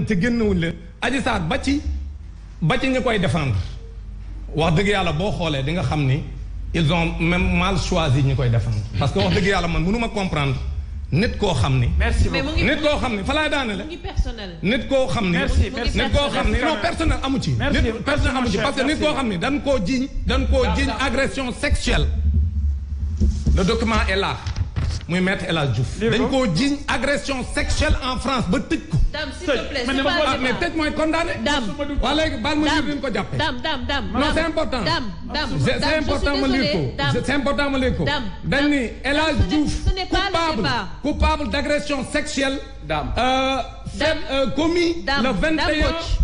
te génnewuñ leen Adji Sarr ba ci ba ci ñu koy défendre wax dëgg yàlla boo xoolee di nga xam ni ils ont même mal choisi ñu koy défendre parce que wax dëgg yàlla man mënu ma comprendre nit koo xam ni. merci beaucoup nit koo xam ni fa laay daanele. nit koo xam ni. nit koo xam ni non personnel amu ci. nit personnel amu ci parce que nit koo xam ni dañ koo jiiñ. dan koo jiiñ agression sexuelle. le document est là. muy maître El Hadj koo jiñ agression sexuelle en France ba tëj ko. dam mooy condamné. dam waa baal ma lire ko jàppee. dam non c'est important. dam c'est important ma lire ko. coupable coupable d'agression sexuelle. daam euh, euh, commis dame, le 21 dame,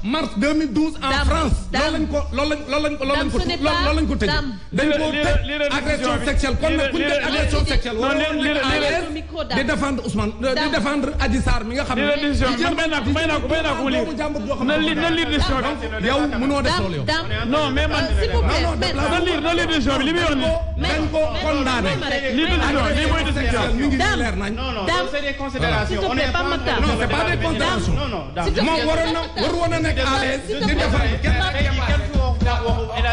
mars en France. loolu lañ ko loolu lañ loolu agression sexuelle kon nag agression sexuelle. waroon nañ à di défendre Ousmane di défendre Adji Sarr mi nga xam ne. di jël may naa ko may naa ko may naa ko mu lire. na lire non mais man. na lire na lire leer nañ. non non c'est des considérations. on est pas non c'est pas des considérations. non non moom waroon na war woon na nekk à l'aise di defar kenn.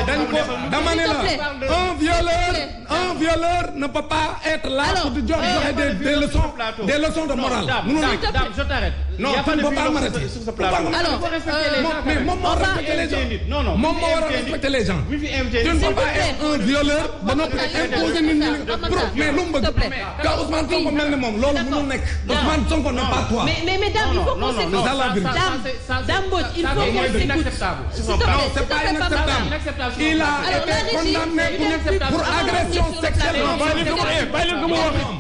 dañ ko dama ne la un violeur. un violeur ne peut être là pour di jox euh, joxe des euh, de morale. non dame non tu ne peux pas m'arrêter sur ce plateau. a tu ne peux être un violeur ba noppi imposer nit ñi mais lu mu bëgg. ka Ousmane Sonko mel ni moom loolu mënul nekk. Ousmane Sonko n'est pas toi. mais mais mais dame il faut qu'on s'écoute. dame dame Mbodj il faut qu'on s'écoute. non c'est pas inacceptable. il a bàyyi leen ko mu wax